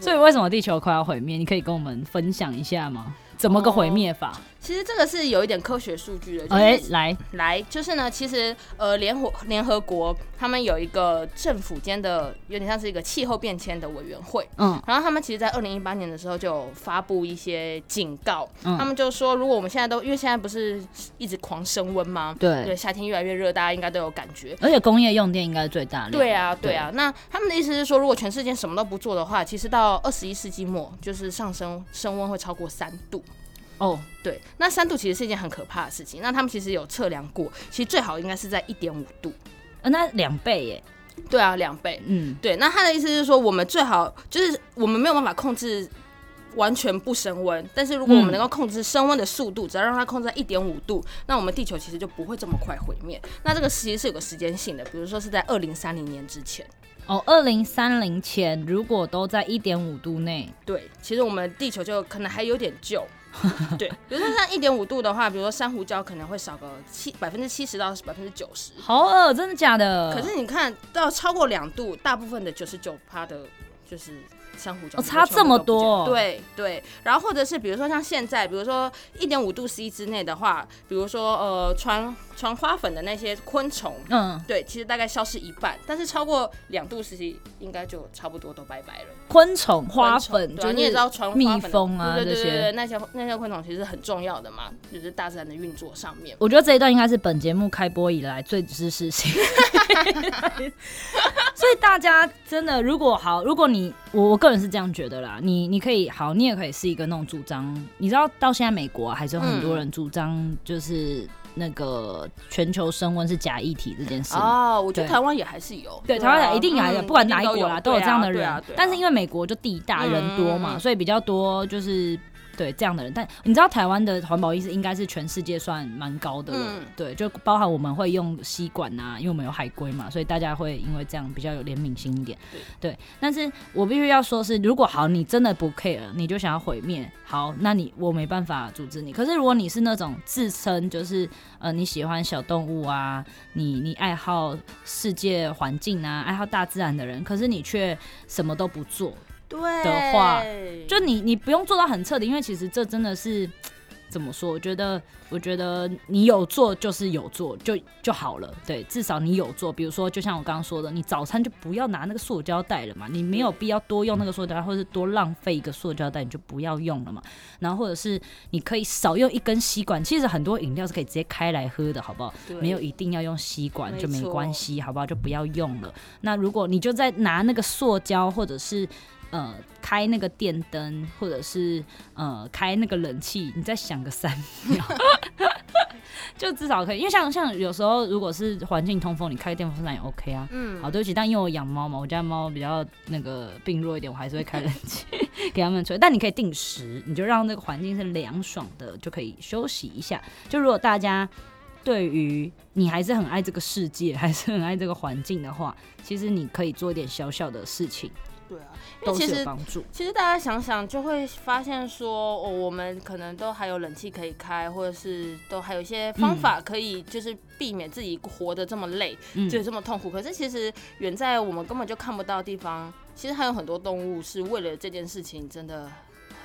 所以為什麼地球快要毀滅？你可以跟我們分享一下嗎？怎麼個毀滅法？oh. 其實這個是有一點科學數據的，就是欸、來來，就是呢，其實呃，聯合聯合國他們有一個政府間的有點像是一個氣候變遷的委員會，嗯，然後他們其實，在二零一八年的時候就發布一些警告，嗯、他們就說，如果我們現在都因為現在不是一直狂升溫嗎？對對，夏天越來越熱，大家應該都有感覺，而且工業用電應該是最大量的，對啊對啊對。那他們的意思是說，如果全世界什麼都不做的話，其實到二十一世紀末，就是上升升溫會超過三度。哦、oh,，對，那三度其實是一件很可怕的事情。那他們其實有測量過，其實最好應該是在一點五度，啊、呃，那兩倍耶？對啊，兩倍。嗯，對。那他的意思就是說，我們最好就是我們沒有辦法控制完全不升溫，但是如果我們能夠控制升溫的速度，只要讓它控制在一點五度，那我們地球其實就不會這麼快毀滅。那這個其實是有個時間性的，比如說是在二零三零年之前。哦、oh,，二零三零前如果都在一點五度內，對，其實我們地球就可能還有點救。 對，比如說像一點五度的話，比如說珊瑚礁可能會少個七百分之七十到百分之九十，好噁，真的假的？可是你看到超過兩度，大部分的九十九趴的就是，相、哦、差這麼多，對對，然後或者是比如說像現在，比如說一點五度 C 之內的話，比如說呃，傳傳花粉的那些昆蟲，嗯，對，其實大概消失一半，但是超過兩度 C 應該就差不多都拜拜了。昆蟲、花粉，就、啊、你也知道傳、就是、蜜蜂啊，對，對,對,對,這些，那些那些昆蟲其實很重要的嘛，就是大自然的運作上面。我覺得這一段應該是本節目開播以來最知識性。 所以大家真的，如果好，如果你我我個人是這樣覺得啦，你你可以好，你也可以是一個那種主張，你知道到現在美國、啊、還是有很多人主張，就是那個全球升溫是假議題這件事、嗯、對啊。我覺得台灣也還是有，對，對啊、對台灣也一定有、嗯，不管哪一國啦，都有，啊、都有這樣的人、啊啊啊啊啊。但是因為美國就地大人多嘛，嗯、所以比較多就是。對這樣的人，但你知道台灣的環保意識應該是全世界算蠻高的了。嗯。對，就包含我們會用吸管啊，因為我們有海龜嘛，所以大家會因為這樣比較有憐憫心一點。對。對，但是我必須要說是，是如果好，你真的不 care，你就想要毀滅，好，那你我沒辦法阻止你。可是如果你是那種自稱就是呃你喜歡小動物啊，你你愛好世界環境啊，愛好大自然的人，可是你卻什麼都不做。對的話，就你你不用做到很徹底，因為其實這真的是怎麼說？我覺得，我覺得你有做就是有做就就好了。對，至少你有做。比如說，就像我剛剛說的，你早餐就不要拿那個塑膠袋了嘛，你沒有必要多用那個塑膠袋，或是多浪費一個塑膠袋，你就不要用了嘛。然後，或者是你可以少用一根吸管。其實很多飲料是可以直接開來喝的，好不好？沒有一定要用吸管就沒關係，好不好？就不要用了。那如果你就在拿那個塑膠或者是呃，開那個電燈，或者是呃，開那個冷氣，你再想個三秒， 就至少可以。因為像像有時候，如果是環境通風，你開個電風扇也 OK 啊。嗯。好，對不起，但因為我養貓嘛，我家貓比較那個病弱一點，我還是會開冷氣 給它們吹。但你可以定時，你就讓那個環境是涼爽的，就可以休息一下。就如果大家對於你還是很愛這個世界，還是很愛這個環境的話，其實你可以做一點小小的事情。因為其實其實大家想想就會發現說，哦，我們可能都還有冷氣可以開，或者是都還有一些方法可以，就是避免自己活得這麼累，嗯、就這麼痛苦。可是其實遠在我們根本就看不到的地方，其實還有很多動物是為了這件事情，真的。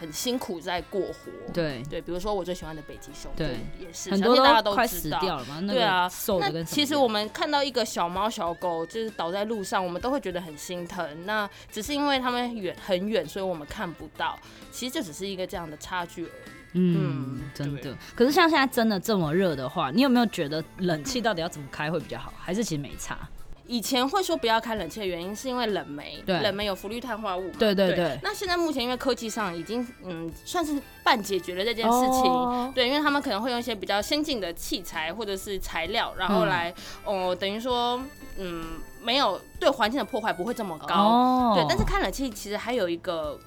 很辛苦在過活，對對，比如說我最喜歡的北極熊，對，對也是大家都知道很多都快死掉了嘛、那個瘦的跟，對啊，那其實我們看到一個小貓小狗就是倒在路上，我們都會覺得很心疼。那只是因為他們遠很遠，所以我們看不到。其實就只是一個這樣的差距而已。嗯，嗯，真的。可是像現在真的這麼熱的話，你有沒有覺得冷氣到底要怎麼開會比較好？嗯、還是其實沒差？以前會說不要開冷氣的原因，是因為冷媒。對對對對，冷媒有氟氯碳化物嘛。對對對。那現在目前因為科技上已經嗯算是半解決了這件事情，哦、對，因為他們可能會用一些比較先進的器材或者是材料，然後來哦、嗯呃、等於說嗯沒有對環境的破壞不會這麼高。哦、對，但是開冷氣其實還有一個。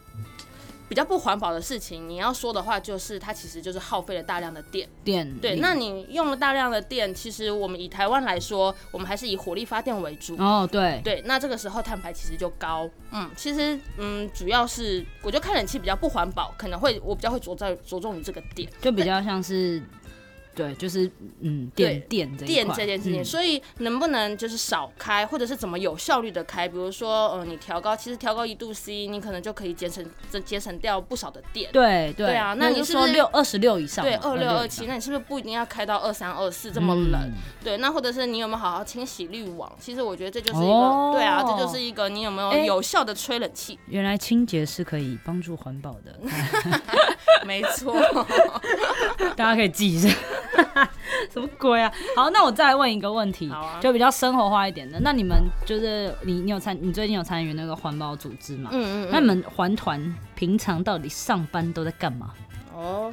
比較不環保的事情，你要說的話就是它其實就是耗費了大量的電。電，對，那你用了大量的電，其實我們以台灣來說，我們還是以火力發電為主。哦，對對，那這個時候碳排其實就高。嗯，嗯其實嗯，主要是我覺得看冷氣比較不環保，可能會我比較會着在着重於這個點，就比較像是。對，就是嗯，電電這一塊，電這件事情，所以能不能就是少開，或者是怎麼有效率的開？比如說，嗯、呃，你調高，其實調高一度 C，你可能就可以節省，節節省掉不少的電。對對，對啊那，那你是不是六二十六以上？對，二六二七，那你是不是不一定要開到二三二四這麼冷，嗯？對，那或者是你有沒有好好清洗濾網？其實我覺得這就是一個，哦，對啊，這就是一個你有沒有有效的吹冷氣。原來清潔是可以幫助環保的， 沒錯錯， 大家可以記一下。 什麼鬼啊！好，那我再來問一個問題、啊，就比較生活化一點的。那你們就是你，你有參，你最近有參與那個環保組織嗎？嗯，嗯嗯。那你們環團平常到底上班都在幹嘛？哦，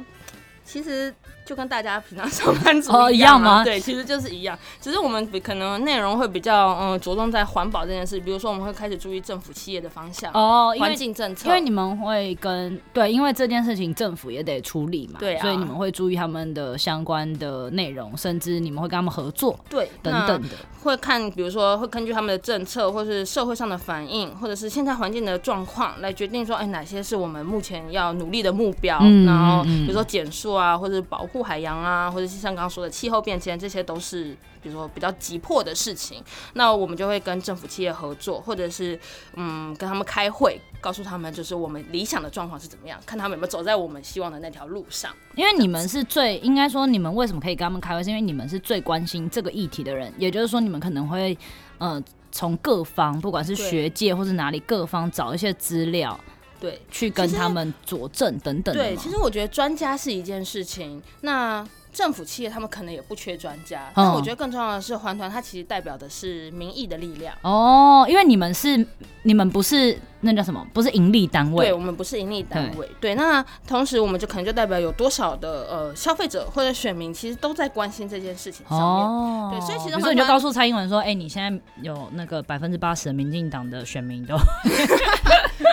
其實。就跟大家平常上班族一樣嗎？哦、一樣嗎？對，其實就是一樣。只是我們可能內容會比較嗯，着重在環保這件事。比如說，我們會開始注意政府企業的方向哦，環境政策。因為你們會跟對，因為這件事情政府也得處理嘛，對、啊，所以你們會注意他們的相關的內容，甚至你們會跟他們合作，對，等等的。會看，比如說會根據他們的政策，或是社會上的反應，或者是現在環境的狀況來決定說，哎、欸，哪些是我們目前要努力的目標。嗯、然後，比如說減塑啊，嗯、或者是保。護海洋啊，或者是像剛剛說的氣候變遷，這些都是比如說比較急迫的事情。那我們就會跟政府、企業合作，或者是嗯跟他們開會，告訴他們就是我們理想的狀況是怎麼樣，看他們有沒有走在我們希望的那條路上。因為你們是最應該說，你們為什麼可以跟他們開會，是因為你們是最關心這個議題的人。也就是說，你們可能會嗯、呃、從各方，不管是學界或是哪裡各方找一些資料。對，去跟他們佐證等等。對，其實我覺得專家是一件事情。那政府、企業他們可能也不缺專家。哦，但我覺得更重要的是，環團它其實代表的是民意的力量。哦，因為你們是你們不是那叫什麼？不是盈利單位？對，我們不是盈利單位對。對，那同時我們就可能就代表有多少的呃消費者或者選民其實都在關心這件事情上面。哦，對，所以其實你就告訴蔡英文說：“哎、欸，你現在有那個百分之八十的民進黨的選民都。 ”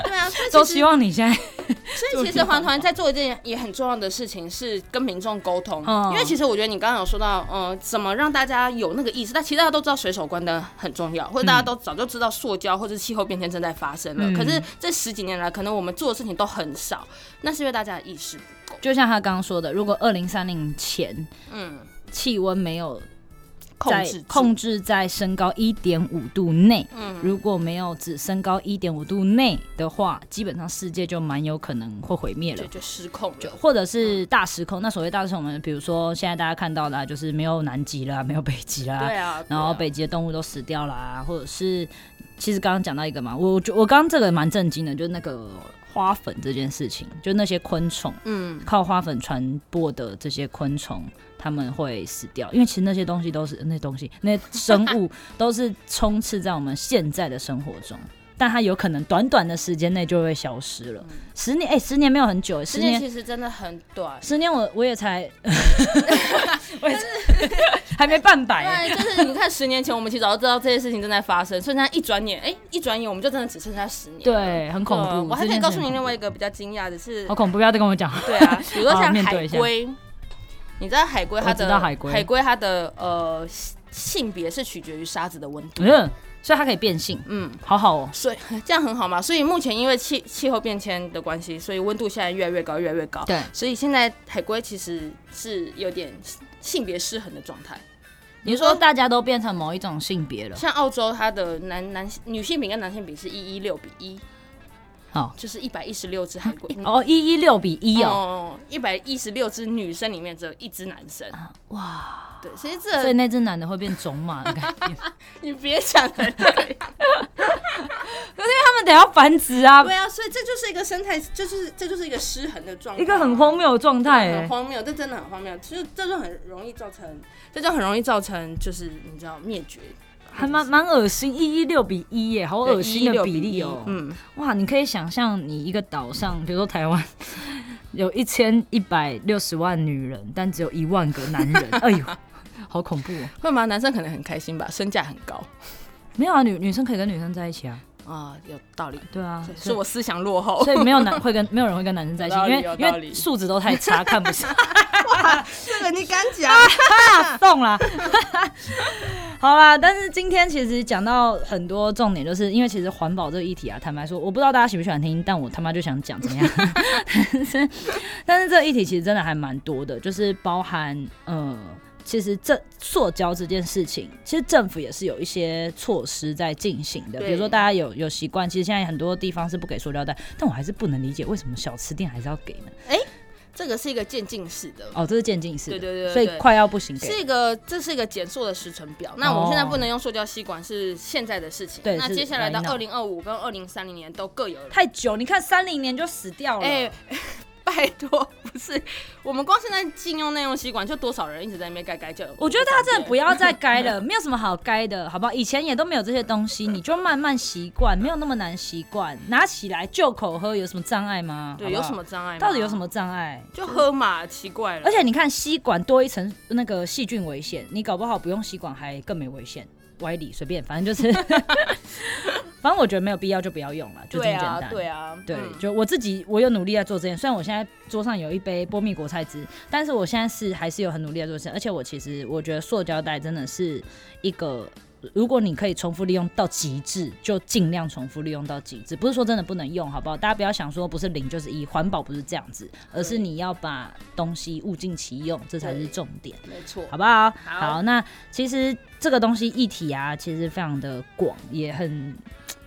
對啊，都希望你現在。所以其實環團在做一件也很重要的事情，是跟民眾溝通、嗯。因為其實我覺得你剛剛有說到，嗯，怎麼讓大家有那個意識。但其實大家都知道隨手關燈很重要，或者大家都早就知道塑膠或者氣候變遷正在發生了、嗯。可是這十幾年來，可能我們做的事情都很少，那是因為大家的意識不夠。就像他剛剛說的，如果二零三零前，嗯，氣溫沒有。控制，制控制在升高一點五度內、嗯，如果沒有只升高一點五度內的話，基本上世界就蠻有可能會毀滅了就，就失控就，或者是大失控、嗯。那所謂大失控，我們比如說現在大家看到的就是沒有南極啦，沒有北極啦，對啊，然後北極的動物都死掉啦，對啊對啊，或者是其實剛剛講到一個嘛，我我剛這個蠻震驚的，就是那個。花粉這件事情，就那些昆蟲，嗯，靠花粉傳播的這些昆蟲，它們會死掉，因為其實那些東西都是那東西，那生物都是充斥在我們現在的生活中。但它有可能短短的時間內就會消失了。嗯、十年，哎、欸，十年沒有很久十，十年其實真的很短。十年我，我我也才， 我也是才 還沒半百。對、啊，就是你看，十年前我們其實早就知道這些事情正在發生， 所以它一轉眼，哎、欸，一轉眼我們就真的只剩下十年。對，很恐怖。呃、我還可以告訴你另外一個比較驚訝的是，好恐怖，不要再跟我講。對啊，比如說像海龜 啊，你知道海龜，它的海龜它的呃性別是取決於沙子的溫度。嗯所以它可以變性，嗯，好好哦，所以這樣很好嘛。所以目前因為氣氣候變遷的關係，所以溫度現在越來越高，越來越高。對，所以現在海龜其實是有點性別失衡的狀態。你說大家都變成某一種性別了？像澳洲，它的男男性女性比跟男性比是一一六比一。嗯、就是一百一十六只海龜、oh, 哦，一一六比一哦，一百一十六只女生裡面只有一只男生，哇，對，所以那只男的會變種馬的， 你別想成這樣，因為他們得要繁殖啊、嗯，對啊，所以這就是一個生態，就是這就是一個失衡的狀、啊，一個很荒謬的狀態、啊嗯，很荒謬，這真的很荒謬，其實這就很容易造成，這就很容易造成，就是、就是、你知道滅絕。還蠻蠻噁心，一一六比一耶，好噁心的比例哦。嗯，哇，你可以想象，你一個島上，比如說台灣，有一千一百六十萬女人，但只有一萬個男人。哎呦，好恐怖喔！會嗎？男生可能很開心吧，身價很高。沒有啊，女女生可以跟女生在一起啊。啊、呃，有道理。對啊，是我思想落後，所以，所以沒有男會跟沒有人會跟男生在一起，有道理，有道理，因為因為素質都太差， 看不上。哇，這個你敢講？啊、啊啊、動啦！ 好啦，但是今天其實講到很多重點，就是因為其實環保這個議題啊，坦白說，我不知道大家喜不喜歡聽，但我他媽就想講怎麼樣？ 但，但是這個議題其實真的還蠻多的，就是包含呃，其實這塑膠這件事情，其實政府也是有一些措施在進行的，比如說大家有有習慣，其實現在很多地方是不給塑料袋。但我還是不能理解為什麼小吃店還是要給呢？欸這個是一個漸進式的哦，這是漸進式對,對對對，所以快要不行。是一個，這是一個減縮的時程表、哦。那我們現在不能用塑膠吸管是現在的事情。對那接下來到二零二五跟二零三零年都各有了太久，你看三零年就死掉了。欸拜託，不是我們光現在禁用內用吸管，就多少人一直在那邊該該？就我覺得大家真的不要再該了， 沒有什麼好該的，好不好？以前也都沒有這些東西，你就慢慢習慣，沒有那麼難習慣。拿起來就口喝，有什麼障礙嗎？好不好？對，有什麼障礙？到底有什麼障礙？就喝嘛，奇怪了。而且你看，吸管多一層那個細菌危險，你搞不好不用吸管還更沒危險。歪理隨便，反正就是 反正我覺得沒有必要就不要用了，就這麼簡單。對啊，對、啊對，嗯，就我自己，我有努力在做這件事，雖然我現在桌上有一杯波蜜果菜汁，但是我現在是還是有很努力在做這件事。而且我其實我覺得塑膠袋真的是一個，如果你可以重複利用到極致，就盡量重複利用到極致。不是說真的不能用，好不好？大家不要想說不是零就是一，環保不是這樣子，而是你要把東西物盡其用，這才是重點。沒錯，好不好？好，好，那其實。這個東西議題啊，其實非常的廣，也很，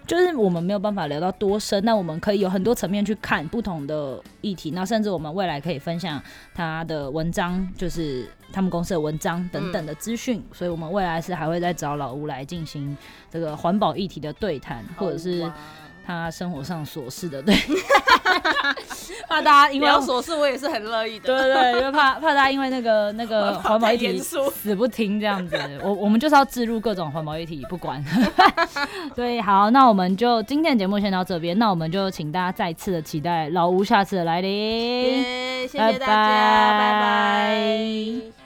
就是我們沒有辦法聊到多深。那我們可以有很多層面去看不同的議題，那甚至我們未來可以分享他的文章，就是他們公司的文章等等的資訊。嗯、所以我們未來是還會再找老吳來進行這個環保議題的對談，或者是。他生活上瑣事的，對， 怕大家因為有瑣事，我也是很樂意的。 對對，對，因為怕怕大家因為那個那個環保議題死不聽這樣子，我我們就是要置入各種環保議題不管。所以好，那我們就今天的節目先到這邊，那我們就請大家再次的期待老吳下次的來臨。欸，謝謝大家，拜拜，拜。